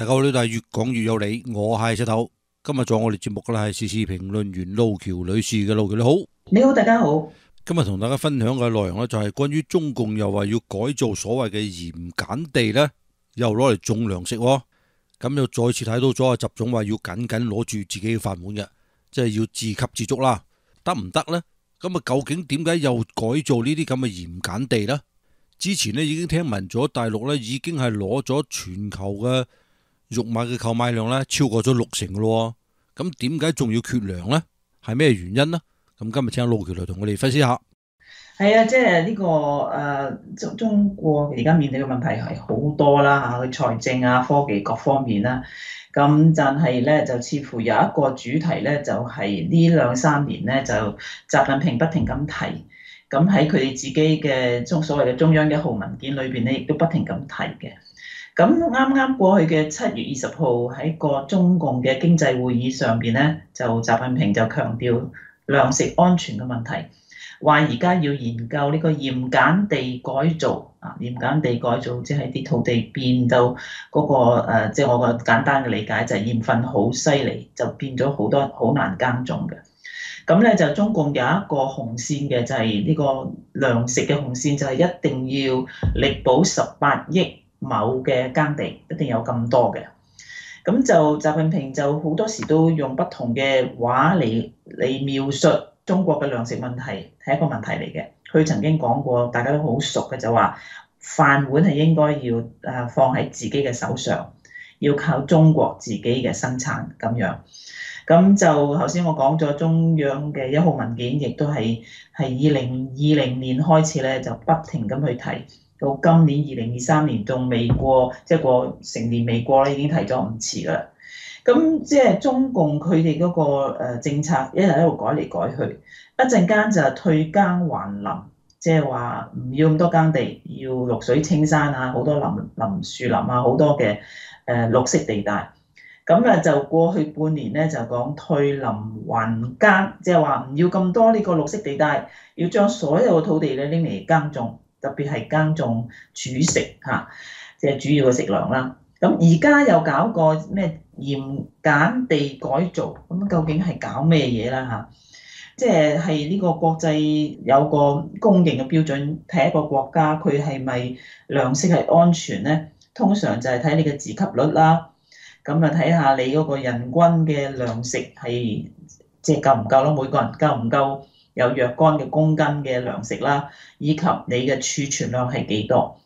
大家好，呢度係粵講粵有理，我係石頭。今日做我哋節目嘅啦係時事評論員路橋女士嘅，路橋你好，你好，大家好。今日同大家分享嘅內容咧就係關於中共又話要改造所謂嘅鹽鹼地咧，又攞嚟種糧食，咁又再次睇到咗習總話要緊緊攞住自己嘅飯碗嘅，即係要自給自足啦，得唔得咧？咁啊，究竟點解又改造呢啲咁嘅鹽鹼地咧？之前咧已經聽聞咗大陸咧已經係攞咗全球嘅。玉米嘅購買量咧超過咗六成嘅咯，咁點解仲要缺糧咧？係咩原因呢？咁今日請路橋來同我哋分析下。係、就是這個呃、啊，即係呢個誒中中國而家面對嘅問題係好多啦吓，佢財政啊、科技各方面啦。咁但係咧就似乎有一個主題咧就係呢兩三年咧就習近平不停咁提，咁喺佢哋自己嘅中所謂嘅中央一號文件裏邊咧亦都不停咁提嘅。咁啱啱過去嘅七月二十號喺個中共嘅經濟會議上邊咧，就習近平就強調糧食安全嘅問題，話而家要研究呢個鹽鹼地改造。啊，鹽鹼地改造即係啲土地變到嗰個誒，即係我個簡單嘅理解就係鹽分好犀利，就變咗好多好難耕種嘅。咁咧就中共有一個紅線嘅，就係呢個糧食嘅紅線，就係一定要力保十八億。某嘅耕地一定有咁多嘅。咁就習近平就好多時都用不同嘅話嚟嚟描述中國嘅糧食問題，係一個問題嚟嘅。佢曾經講過，大家都好熟嘅就話飯碗係應該要誒放喺自己嘅手上，要靠中國自己嘅生產。咁樣，咁就頭先我講咗中央嘅一號文件，亦都係係二零二零年開始咧就不停咁去提。到今年二零二三年仲未過，即係過成年未過咧，已經提咗五次㗎喇。咁即係中共佢哋嗰個政策，一日一路改嚟改去，一陣間就退耕還林，即係話唔要咁多耕地，要綠水青山啊，好多林林樹林啊，好多嘅誒綠色地帶。咁啊，就過去半年咧，就講退林還耕，即係話唔要咁多呢個綠色地帶，要將所有嘅土地咧拎嚟耕種。特別係耕種、主食嚇，即係主要嘅食糧啦。咁而家又搞個咩鹽鹼地改造，咁、啊、究竟係搞咩嘢啦嚇？即係係呢個國際有個公認嘅標準，睇一個國家佢係咪糧食係安全咧？通常就係睇你嘅自給率啦，咁啊睇下、啊、你嗰個人均嘅糧食係即係夠唔夠咯？每個人夠唔夠？有若干嘅公斤嘅糧食啦，以及你嘅儲存量係幾多？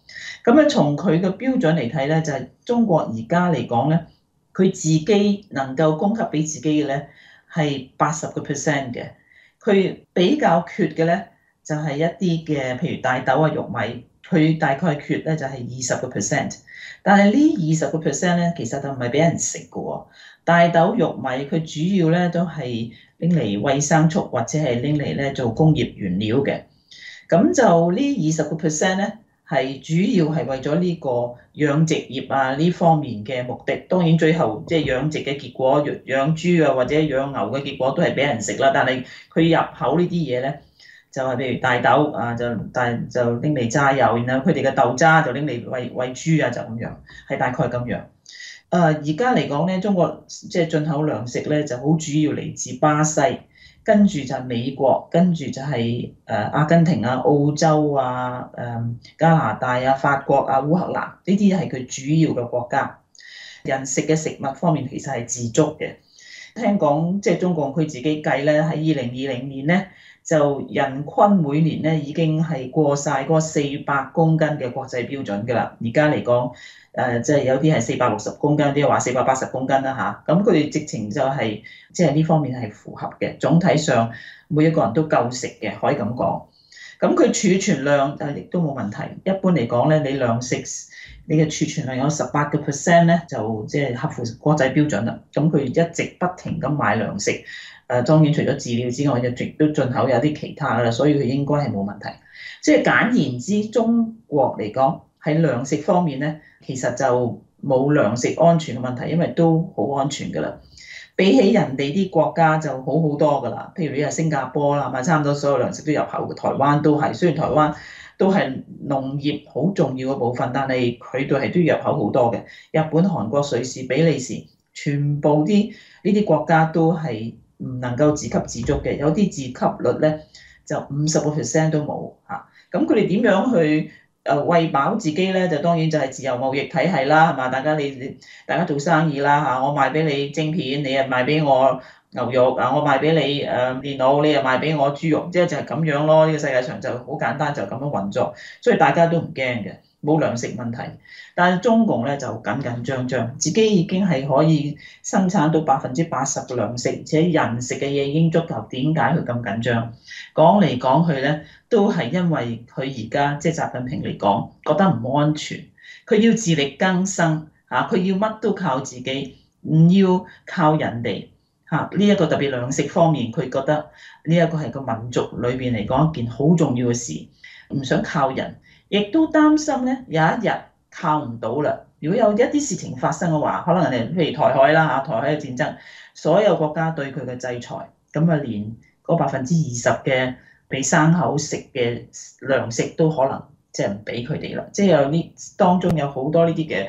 咁樣從佢嘅標準嚟睇咧，就係中國而家嚟講咧，佢自己能夠供給俾自己嘅咧係八十個 percent 嘅。佢比較缺嘅咧就係一啲嘅，譬如大豆啊、玉米，佢大概缺咧就係二十個 percent。但係呢二十個 percent 咧，其實就唔係俾人食嘅。大豆、玉米佢主要咧都係，拎嚟餵牲畜，或者係拎嚟咧做工業原料嘅，咁就呢二十個 percent 咧係主要係為咗呢個養殖業啊呢方面嘅目的。當然最後即係養殖嘅結果，養養豬啊或者養牛嘅結果都係俾人食啦。但係佢入口呢啲嘢咧，就係、是、譬如大豆啊，就但就拎嚟榨油，然後佢哋嘅豆渣就拎嚟餵餵豬啊，就咁樣，係大概咁樣。啊，而家嚟講咧，中國即係進口糧食咧，就好主要嚟自巴西，跟住就係美國，跟住就係誒阿根廷啊、澳洲啊、誒加拿大啊、法國啊、烏克蘭，呢啲係佢主要嘅國家。人食嘅食物方面其實係自足嘅，聽講即係中國佢自己計咧，喺二零二零年咧。就人均每年咧已經係過晒個四百公斤嘅國際標準㗎啦，而家嚟講，誒即係有啲係四百六十公斤，有啲話四百八十公斤啦吓，咁佢哋直情就係即係呢方面係符合嘅，總體上每一個人都夠食嘅，可以咁講。咁、嗯、佢儲存量誒亦都冇問題，一般嚟講咧，你糧食你嘅儲存量有十八個 percent 咧，就即係合乎國際標準啦。咁、嗯、佢一直不停咁買糧食。誒莊園除咗飼料之外，就進都進口有啲其他㗎啦，所以佢應該係冇問題。即係簡言之，中國嚟講喺糧食方面咧，其實就冇糧食安全嘅問題，因為都好安全㗎啦。比起人哋啲國家就好好多㗎啦。譬如係新加坡啦，咪差唔多所有糧食都入口。台灣都係，雖然台灣都係農業好重要嘅部分，但係佢哋係都入口好多嘅。日本、韓國、瑞士、比利時，全部啲呢啲國家都係。唔能夠自給自足嘅，有啲自給率咧就五十個 percent 都冇嚇。咁佢哋點樣去誒餵飽自己咧？就當然就係自由貿易體系啦，係嘛？大家你你大家做生意啦嚇，我賣俾你晶片，你又賣俾我牛肉啊，我賣俾你誒電腦，你又賣俾我豬肉，即係就係咁樣咯。呢個世界上就好簡單就咁樣運作，所以大家都唔驚嘅。冇糧食問題，但係中共咧就緊緊張張，自己已經係可以生產到百分之八十嘅糧食，而且人食嘅嘢已經足夠。點解佢咁緊張？講嚟講去咧，都係因為佢而家即係習近平嚟講，覺得唔安全。佢要自力更生嚇，佢要乜都靠自己，唔要靠人哋嚇。呢一個特別糧食方面，佢覺得呢一個係個民族裏邊嚟講一件好重要嘅事，唔想靠人。亦都擔心咧，有一日靠唔到啦。如果有一啲事情發生嘅話，可能人哋譬如台海啦嚇，台海嘅戰爭，所有國家對佢嘅制裁，咁啊，連嗰百分之二十嘅俾牲口食嘅糧食都可能即係唔俾佢哋啦。即係有呢當中有好多呢啲嘅，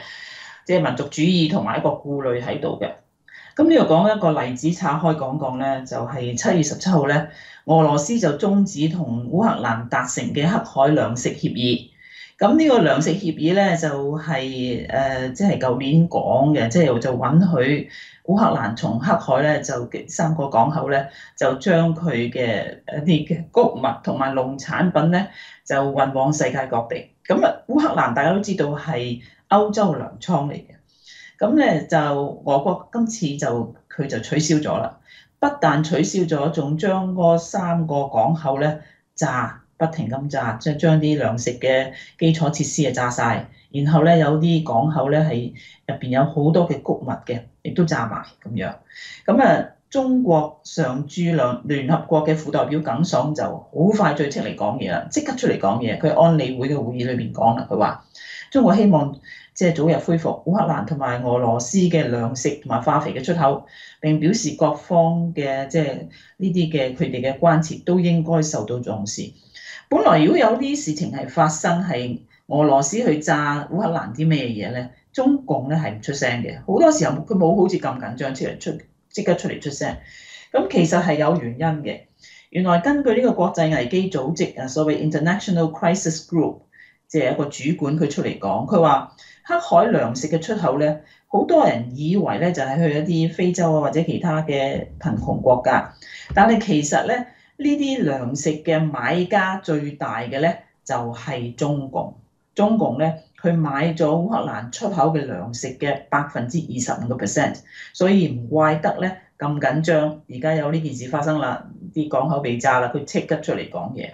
即係民族主義同埋一個顧慮喺度嘅。咁呢度講一個例子，拆開講講咧，就係七月十七號咧，俄羅斯就終止同烏克蘭達成嘅黑海糧食協議。咁呢個糧食協議咧就係、是、誒，即係舊年講嘅，即、就、係、是、就允許烏克蘭從黑海咧就三個港口咧，就將佢嘅一啲嘅穀物同埋農產品咧，就運往世界各地。咁、嗯、啊，烏克蘭大家都知道係歐洲糧倉嚟嘅，咁咧就俄國今次就佢就取消咗啦，不但取消咗，仲將嗰三個港口咧炸。不停咁炸，即係將啲糧食嘅基礎設施啊炸晒。然後咧有啲港口咧係入邊有好多嘅穀物嘅，亦都炸埋咁樣。咁啊，中國常駐兩聯合國嘅副代表耿爽就好快就出嚟講嘢啦，即刻出嚟講嘢。佢喺安理會嘅會議裏邊講啦，佢話中國希望即係早日恢復烏克蘭同埋俄羅斯嘅糧食同埋化肥嘅出口，並表示各方嘅即係呢啲嘅佢哋嘅關切都應該受到重視。本來如果有啲事情係發生喺俄羅斯去炸烏克蘭啲咩嘢咧，中共咧係唔出聲嘅。好多時候佢冇好似咁緊張，出嚟出即刻出嚟出聲。咁其實係有原因嘅。原來根據呢個國際危機組織啊，所謂 International Crisis Group，即係一個主管佢出嚟講，佢話黑海糧食嘅出口咧，好多人以為咧就係去一啲非洲啊或者其他嘅貧窮國家，但係其實咧。呢啲糧食嘅買家最大嘅咧就係、是、中共，中共咧佢買咗烏克蘭出口嘅糧食嘅百分之二十五個 percent，所以唔怪得咧咁緊張，而家有呢件事發生啦，啲港口被炸啦，佢即刻出嚟講嘢。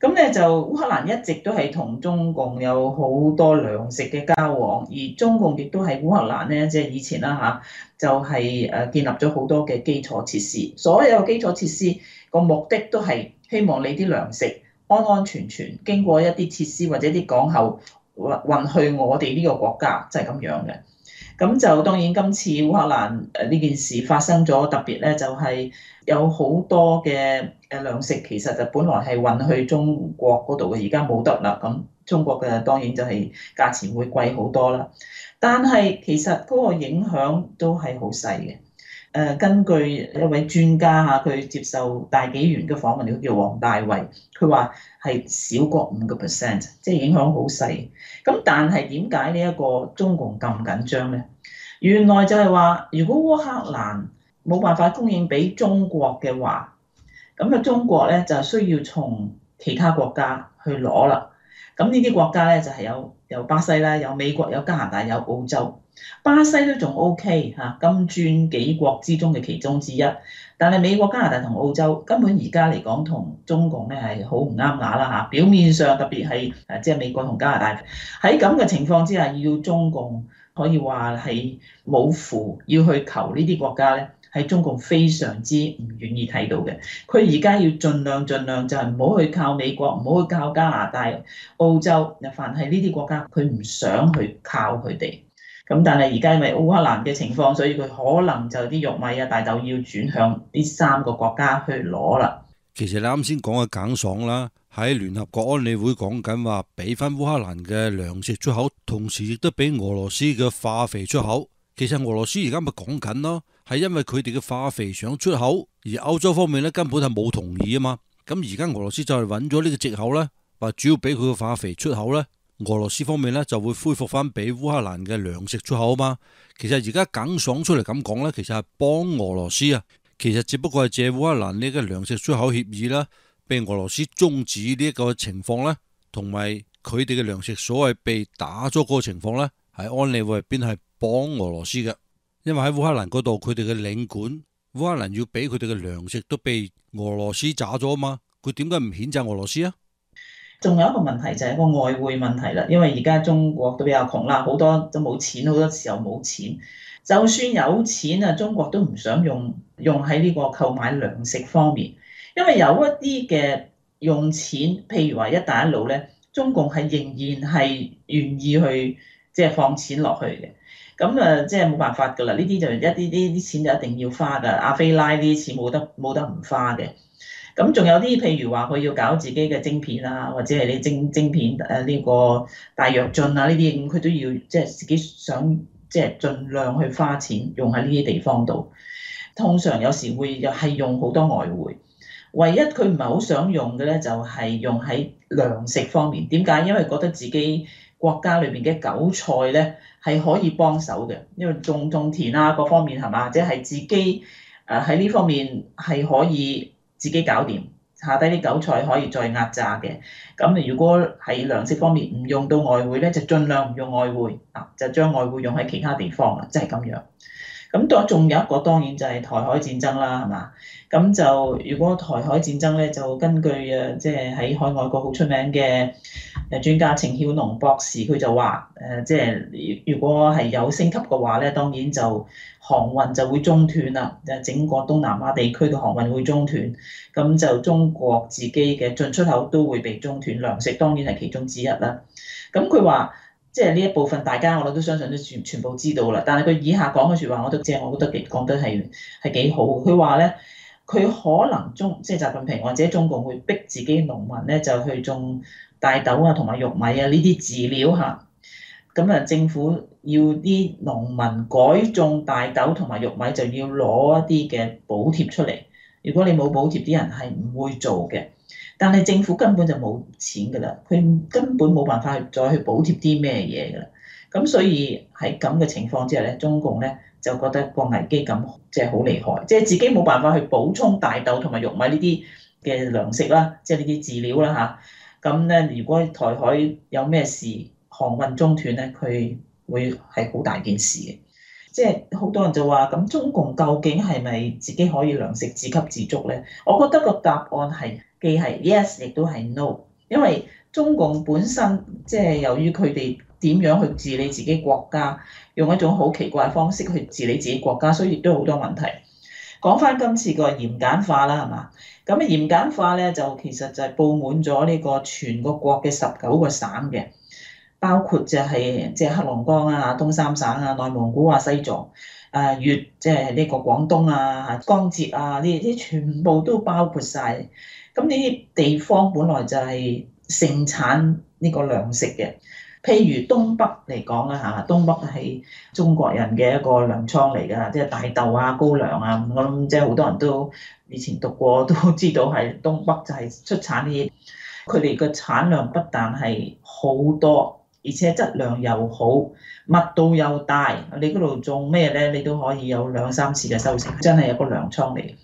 咁咧就烏克蘭一直都係同中共有好多糧食嘅交往，而中共亦都喺烏克蘭咧即係以前啦吓，就係、是、誒建立咗好多嘅基礎設施，所有基礎設施。個目的都係希望你啲糧食安安全全經過一啲設施或者啲港口運去我哋呢個國家，就係咁樣嘅。咁就當然今次烏克蘭誒呢件事發生咗，特別咧就係有好多嘅誒糧食其實就本來係運去中國嗰度嘅，而家冇得啦。咁中國嘅當然就係價錢會貴好多啦。但係其實嗰個影響都係好細嘅。誒根據一位專家嚇，佢接受大紀元嘅訪問，佢叫黃大衛，佢話係少過五個 percent，即係影響好細。咁但係點解呢一個中共咁緊張咧？原來就係話，如果烏克蘭冇辦法供應俾中國嘅話，咁啊中國咧就需要從其他國家去攞啦。咁呢啲國家咧就係有有巴西啦，有美國，有加拿大，有澳洲。巴西都仲 O K 嚇，金磚幾國之中嘅其中之一。但係美國、加拿大同澳洲根本而家嚟講同中共咧係好唔啱拿啦嚇。表面上特別係誒，即係美國同加拿大喺咁嘅情況之下，要中共可以話係冇負要去求呢啲國家咧，喺中共非常之唔願意睇到嘅。佢而家要儘量儘量就係唔好去靠美國，唔好去靠加拿大、澳洲。凡係呢啲國家，佢唔想去靠佢哋。咁但係而家因為烏克蘭嘅情況，所以佢可能就啲玉米啊、大豆要轉向呢三個國家去攞啦。其實你啱先講嘅梗爽啦，喺聯合國安理會講緊話，俾翻烏克蘭嘅糧食出口，同時亦都俾俄羅斯嘅化肥出口。其實俄羅斯而家咪講緊咯，係因為佢哋嘅化肥想出口，而歐洲方面咧根本就冇同意啊嘛。咁而家俄羅斯就係揾咗呢個藉口咧，話主要俾佢嘅化肥出口咧。俄羅斯方面咧就會恢復翻俾烏克蘭嘅糧食出口啊嘛，其實而家耿爽出嚟咁講咧，其實係幫俄羅斯啊，其實只不過係借烏克蘭呢個糧食出口協議啦，被俄羅斯終止呢一個情況咧，同埋佢哋嘅糧食所謂被打咗個情況咧，喺安理會入邊係幫俄羅斯嘅，因為喺烏克蘭嗰度佢哋嘅領館，烏克蘭要俾佢哋嘅糧食都被俄羅斯打咗啊嘛，佢點解唔譴責俄羅斯啊？仲有一個問題就係、是、一個外匯問題啦，因為而家中國都比較窮啦，好多都冇錢，好多時候冇錢。就算有錢啊，中國都唔想用用喺呢個購買糧食方面，因為有一啲嘅用錢，譬如話一帶一路咧，中共係仍然係願意去即係、就是、放錢落去嘅。咁啊，即係冇辦法噶啦，呢啲就一啲啲啲錢就一定要花噶，阿菲拉啲錢冇得冇得唔花嘅。咁仲有啲譬如話佢要搞自己嘅晶片啊，或者係你晶晶片誒呢個大躍進啊呢啲，佢都要即係、就是、自己想即係、就是、盡量去花錢用喺呢啲地方度。通常有時會又係用好多外匯，唯一佢唔係好想用嘅咧，就係用喺糧食方面。點解？因為覺得自己國家裏邊嘅韭菜咧係可以幫手嘅，因為種種田啊各方面係嘛，即、就、係、是、自己誒喺呢方面係可以。自己搞掂，下低啲韭菜可以再壓榨嘅。咁你如果喺糧食方面唔用到外匯咧，就盡量唔用外匯啊，就將外匯用喺其他地方啦，即係咁樣。咁再仲有一個當然就係台海戰爭啦，係嘛？咁就如果台海戰爭咧，就根據誒即係喺海外國好出名嘅誒專家程曉農博士，佢就話誒即係如果係有升級嘅話咧，當然就航運就會中斷啦，誒整個東南亞地區嘅航運會中斷，咁就中國自己嘅進出口都會被中斷，糧食當然係其中之一啦。咁佢話。即係呢一部分，大家我諗都相信都全全部知道啦。但係佢以下講嘅説話，我都即係我覺得幾講得係係幾好。佢話咧，佢可能中即係習近平或者中共會逼自己農民咧就去種大豆啊同埋玉米啊呢啲飼料嚇。咁、嗯、啊，政府要啲農民改種大豆同埋玉米就要攞一啲嘅補貼出嚟。如果你冇補貼，啲人係唔會做嘅。但係政府根本就冇錢㗎啦，佢根本冇辦法再去補貼啲咩嘢㗎啦。咁所以喺咁嘅情況之下咧，中共咧就覺得個危機感即係好厲害，即係自己冇辦法去補充大豆同埋玉米呢啲嘅糧食啦，即係呢啲飼料啦吓。咁咧，如果台海有咩事航運中斷咧，佢會係好大件事嘅。即係好多人就話咁，中共究竟係咪自己可以糧食自給自足咧？我覺得個答案係。既係 yes，亦都係 no，因為中共本身即係由於佢哋點樣去治理自己國家，用一種好奇怪嘅方式去治理自己國家，所以亦都好多問題。講翻今次個鹽鹼地啦，係嘛？咁啊鹽鹼地咧，就其實就係佈滿咗呢個全個國嘅十九個省嘅，包括就係即係黑龍江啊、東三省啊、內蒙古啊、西藏啊、粵即係呢個廣東啊、江浙啊，呢啲全部都包括晒。咁呢啲地方本來就係盛產呢個糧食嘅，譬如東北嚟講啦嚇，東北係中國人嘅一個糧倉嚟㗎，即係大豆啊、高粱啊，我諗即係好多人都以前讀過都知道係東北就係出產啲。佢哋個產量不但係好多，而且質量又好，密度又大。你嗰度種咩咧，你都可以有兩三次嘅收成，真係一個糧倉嚟。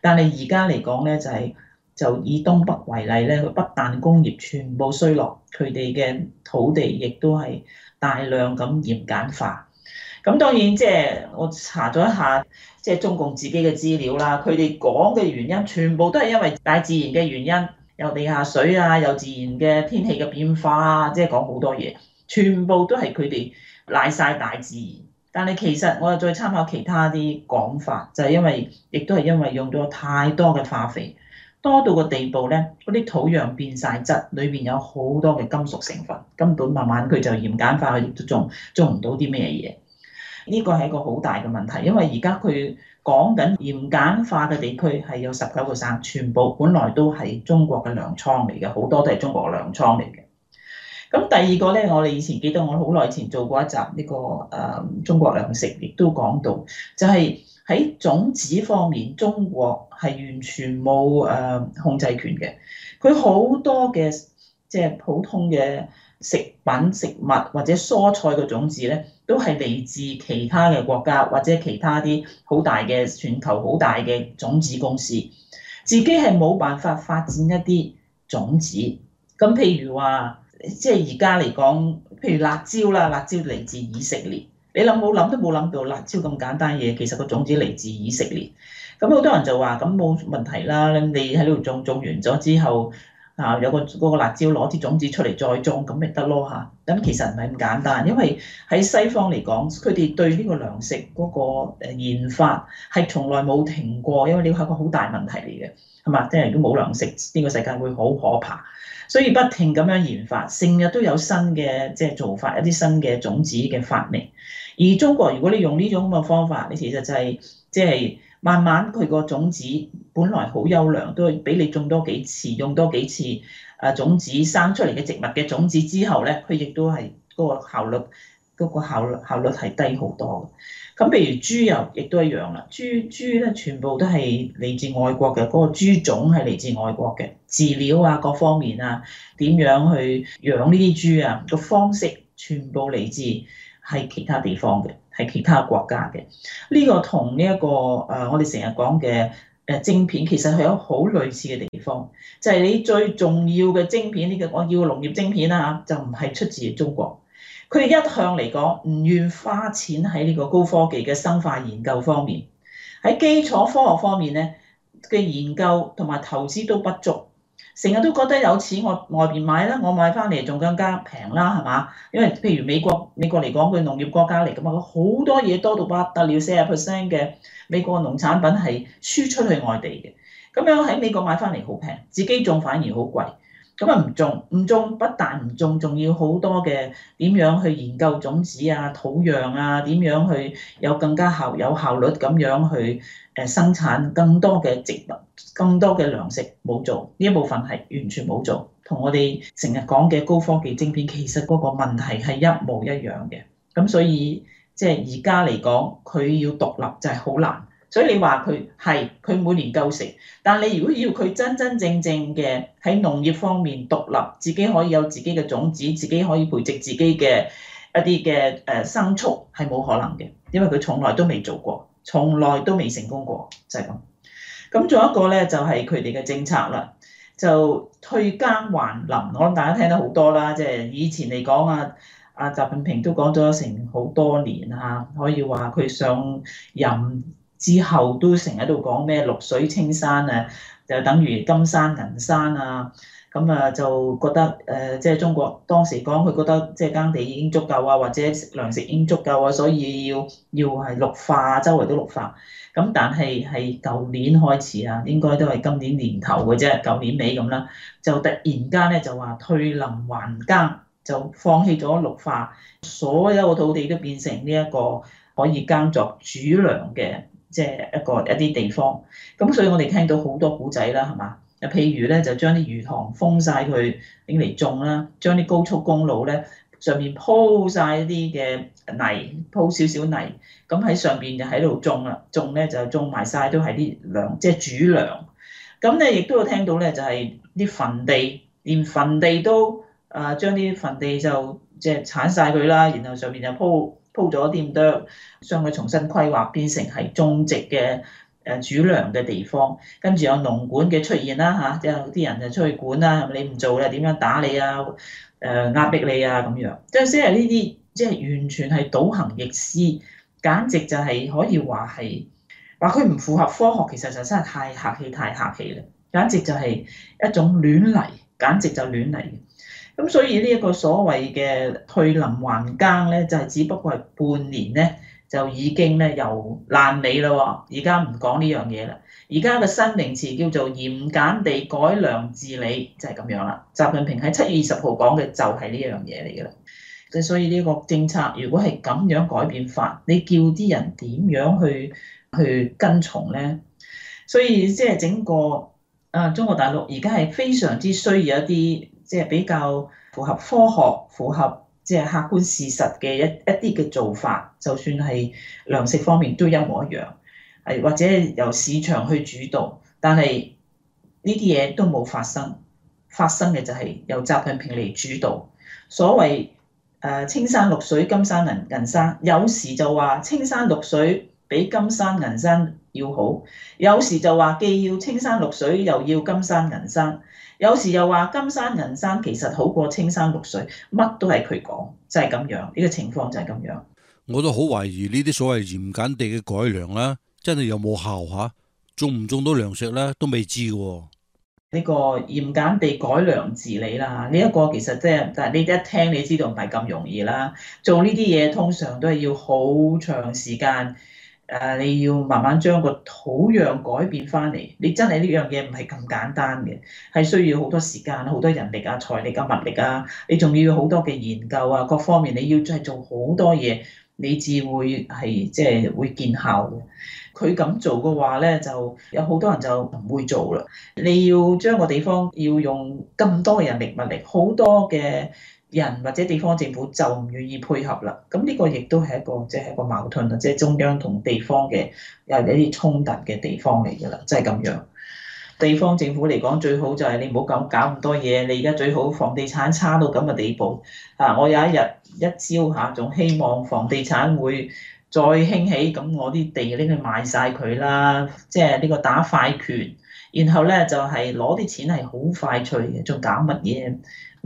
但係而家嚟講咧，就係。就以東北為例咧，佢不但工業全部衰落，佢哋嘅土地亦都係大量咁鹽鹼化。咁當然即係我查咗一下，即係中共自己嘅資料啦。佢哋講嘅原因全部都係因為大自然嘅原因，有地下水啊，有自然嘅天氣嘅變化啊，即係講好多嘢，全部都係佢哋賴晒大自然。但係其實我又再參考其他啲講法，就係因為亦都係因為用咗太多嘅化肥。多到個地步咧，嗰啲土壤變晒質，裏邊有好多嘅金屬成分，根本慢慢佢就鹽鹼化，都種種唔到啲咩嘢。呢個係一個好大嘅問題，因為而家佢講緊鹽鹼化嘅地區係有十九個省，全部本來都係中國嘅糧倉嚟嘅，好多都係中國糧倉嚟嘅。咁第二個咧，我哋以前記得我好耐前做過一集呢、這個誒、呃、中國糧食，亦都講到就係、是。喺種子方面，中國係完全冇誒、呃、控制權嘅。佢好多嘅即係普通嘅食品、食物或者蔬菜嘅種子咧，都係嚟自其他嘅國家或者其他啲好大嘅全球好大嘅種子公司，自己係冇辦法發展一啲種子。咁譬如話，即係而家嚟講，譬如辣椒啦，辣椒嚟自以色列。你諗冇諗都冇諗到辣椒咁簡單嘢，其實個種子嚟自以色列。咁好多人就話：咁冇問題啦，你喺呢度種種完咗之後，啊有個嗰個辣椒攞啲種子出嚟再種，咁咪得咯嚇。咁其實唔係咁簡單，因為喺西方嚟講，佢哋對呢個糧食嗰個研發係從來冇停過，因為你係個好大問題嚟嘅，係嘛？即係如果冇糧食，呢個世界會好可怕。所以不停咁樣研發，成日都有新嘅即係做法，一啲新嘅種子嘅發明。而中國如果你用呢種咁嘅方法，你其實就係即係慢慢佢個種子本來好優良，都俾你種多幾次，用多幾次啊種子生出嚟嘅植物嘅種子之後咧，佢亦都係嗰個效率嗰個效率效率係低好多嘅。咁譬如豬油亦都一樣啦，豬豬咧全部都係嚟自外國嘅，嗰個豬種係嚟自外國嘅，飼料啊各方面啊點樣去養呢啲豬啊個方式全部嚟自。係其他地方嘅，係其他國家嘅。呢、這個同呢一個誒、呃，我哋成日講嘅誒晶片其實係有好類似嘅地方，就係、是、你最重要嘅晶片呢個，我要農業晶片啦、啊、嚇，就唔係出自中國。佢哋一向嚟講唔願花錢喺呢個高科技嘅生化研究方面，喺基礎科學方面咧嘅研究同埋投資都不足。成日都覺得有錢，我外邊買啦，我買翻嚟仲更加平啦，係嘛？因為譬如美國美國嚟講，佢農業國家嚟㗎嘛，好多嘢多到不得了，四十 percent 嘅美國農產品係輸出去外地嘅，咁樣喺美國買翻嚟好平，自己種反而好貴。咁啊唔種唔種，不但唔種，仲要好多嘅點樣去研究種子啊、土壤啊，點樣去有更加效有效率咁樣去誒生產更多嘅植物、更多嘅糧食冇做，呢一部分係完全冇做，同我哋成日講嘅高科技晶片其實嗰個問題係一模一樣嘅。咁所以即係而家嚟講，佢、就是、要獨立就係、是、好難。所以你話佢係佢每年夠食，但係你如果要佢真真正正嘅喺農業方面獨立，自己可以有自己嘅種子，自己可以培植自己嘅一啲嘅誒牲畜，係冇可能嘅，因為佢從來都未做過，從來都未成功過就係咁。咁仲有一個咧，就係佢哋嘅政策啦，就退耕還林，我諗大家聽得好多啦，即係以前嚟講啊，阿習近平都講咗成好多年啊，可以話佢上任。之後都成日喺度講咩綠水青山啊，就等於金山銀山啊，咁啊就覺得誒，即、呃、係、就是、中國當時講，佢覺得即係耕地已經足夠啊，或者糧食已經足夠啊，所以要要係綠化，周圍都綠化。咁但係係舊年開始啊，應該都係今年年頭嘅啫，舊年尾咁啦，就突然間咧就話退林還耕，就放棄咗綠化，所有嘅土地都變成呢一個可以耕作主糧嘅。即係一個一啲地方，咁所以我哋聽到好多古仔啦，係嘛？啊，譬如咧就將啲魚塘封晒佢，拎嚟種啦；將啲高速公路咧上面鋪晒一啲嘅泥，鋪少少泥，咁、嗯、喺上面就喺度種啦。種咧就種埋晒都係啲糧，即係主糧。咁咧亦都有聽到咧，就係、是、啲墳地，連墳地都啊將啲墳地就即係鏟晒佢啦，然後上面就鋪。鋪咗啲咁多，將佢重新規劃變成係種植嘅誒主糧嘅地方，跟住有農管嘅出現啦吓，即係啲人就出去管啦、啊，你唔做咧點樣打你啊？誒、呃、壓迫你啊咁樣，即係先係呢啲，即、就、係、是、完全係倒行逆施，簡直就係可以話係話佢唔符合科學，其實就真係太客氣太客氣啦，簡直就係一種亂嚟，簡直就亂嚟嘅。咁所以呢一個所謂嘅退林還耕咧，就係只不過係半年咧，就已經咧又爛尾啦。而家唔講呢樣嘢啦。而家個新名詞叫做鹽鹼地改良治理，就係咁樣啦。習近平喺七月二十號講嘅就係呢樣嘢嚟㗎啦。咁所以呢個政策如果係咁樣改變法，你叫啲人點樣去去跟從咧？所以即係整個啊，中國大陸而家係非常之需要一啲。即係比較符合科學、符合即係客觀事實嘅一一啲嘅做法，就算係糧食方面都一模一樣，係或者由市場去主導，但係呢啲嘢都冇發生，發生嘅就係由習近平嚟主導。所謂誒青山綠水，金山銀銀山，有時就話青山綠水。比金山銀山要好，有時就話既要青山綠水，又要金山銀山；有時又話金山銀山其實好過青山綠水，乜都係佢講就係、是、咁樣呢、這個情況就係咁樣。我都好懷疑呢啲所謂鹽鹼地嘅改良啦，真係有冇效嚇，種唔種到糧食咧都未知喎。呢個鹽鹼地改良治理啦，呢、這、一個其實真、就、係、是、你一聽你知道唔係咁容易啦。做呢啲嘢通常都係要好長時間。誒，你要慢慢將個土壤改變翻嚟，你真係呢樣嘢唔係咁簡單嘅，係需要好多時間、好多人力啊、財力啊、物力啊，你仲要好多嘅研究啊，各方面你要真係做好多嘢，你至會係即係會見效嘅。佢咁做嘅話咧，就有好多人就唔會做啦。你要將個地方要用咁多嘅人力物力，好多嘅。人或者地方政府就唔願意配合啦，咁呢個亦都係一個即係一個矛盾啦，即係中央同地方嘅有一啲衝突嘅地方嚟㗎啦，即係咁樣。地方政府嚟講最好就係你唔好咁搞咁多嘢，你而家最好房地產差到咁嘅地步啊！我有一日一朝吓，仲希望房地產會再興起，咁我啲地拎去賣晒佢啦，即係呢個打快拳，然後咧就係攞啲錢係好快脆嘅，仲搞乜嘢？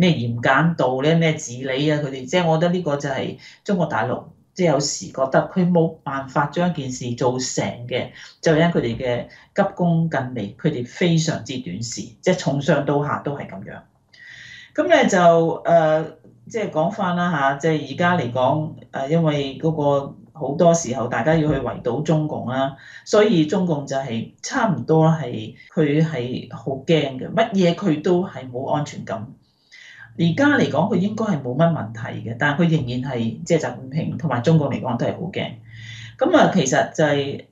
咩嚴謹度咧？咩治理啊？佢哋即係我覺得呢個就係中國大陸，即係有時覺得佢冇辦法將一件事做成嘅，就因佢哋嘅急功近利，佢哋非常之短視，即係從上到下都係咁樣。咁咧就誒、呃，即係講翻啦嚇，即係而家嚟講，誒因為嗰個好多時候大家要去圍堵中共啦，所以中共就係差唔多係佢係好驚嘅，乜嘢佢都係冇安全感。而家嚟講，佢應該係冇乜問題嘅，但係佢仍然係即係習近平同埋中共嚟講都係好驚。咁啊，其實就係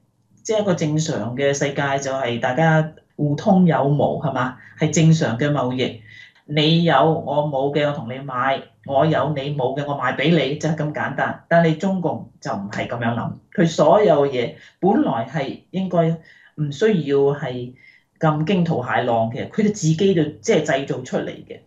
即係一個正常嘅世界，就係大家互通有無係嘛？係正常嘅貿易，你有我冇嘅，我同你買；我有你冇嘅，我賣俾你，就係、是、咁簡單。但係中共就唔係咁樣諗，佢所有嘢本來係應該唔需要係咁驚濤駭浪嘅，佢哋自己就即係製造出嚟嘅。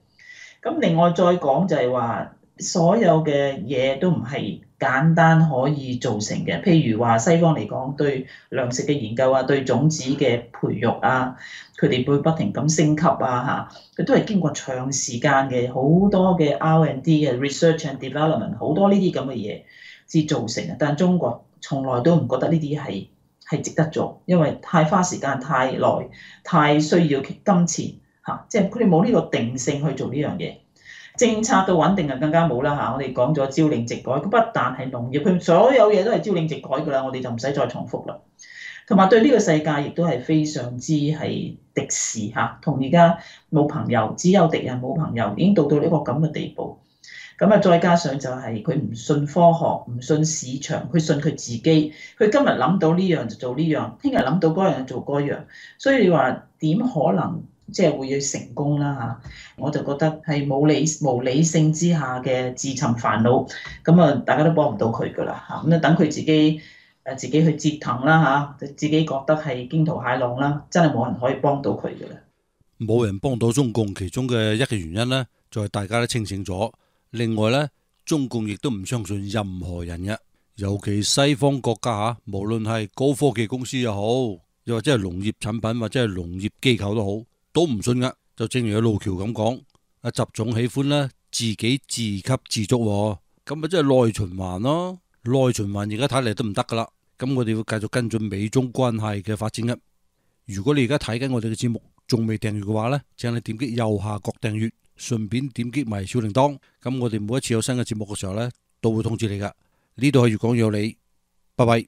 咁另外再講就係話，所有嘅嘢都唔係簡單可以做成嘅。譬如話西方嚟講，對糧食嘅研究啊，對種子嘅培育啊，佢哋會不停咁升級啊，嚇，佢都係經過長時間嘅好多嘅 R and D 嘅 research and development，好多呢啲咁嘅嘢至做成嘅。但中國從來都唔覺得呢啲係係值得做，因為太花時間、太耐、太需要金錢。嚇，即係佢哋冇呢個定性去做呢樣嘢，政策嘅穩定就更加冇啦嚇。我哋講咗朝令夕改，佢不但係農業，佢所有嘢都係朝令夕改噶啦。我哋就唔使再重複啦。同埋對呢個世界亦都係非常之係敵視嚇，同而家冇朋友，只有敵人冇朋友，已經到到呢個咁嘅地步。咁啊，再加上就係佢唔信科學，唔信市場，佢信佢自己。佢今日諗到呢樣就做呢樣，聽日諗到嗰樣就做嗰樣。所以你話點可能？即係會要成功啦嚇，我就覺得係無理無理性之下嘅自尋煩惱，咁啊大家都幫唔到佢噶啦嚇，咁咧等佢自己誒自己去折騰啦嚇，自己覺得係驚濤駭浪啦，真係冇人可以幫到佢噶啦。冇人幫到中共其中嘅一個原因咧，就係大家都清醒咗。另外咧，中共亦都唔相信任何人嘅，尤其西方國家嚇，無論係高科技公司又好，又或者係農業產品或者係農業機構都好。都唔信噶，就正如阿路橋咁講，阿習總喜歡咧自己自給自足，咁咪即係內循環咯，內循環而家睇嚟都唔得噶啦。咁我哋會繼續跟進美中關係嘅發展嘅。如果你而家睇緊我哋嘅節目仲未訂閱嘅話咧，請你點擊右下角訂閱，順便點擊埋小鈴鐺。咁我哋每一次有新嘅節目嘅時候咧，都會通知你噶。呢度係粵講粵有理，拜拜。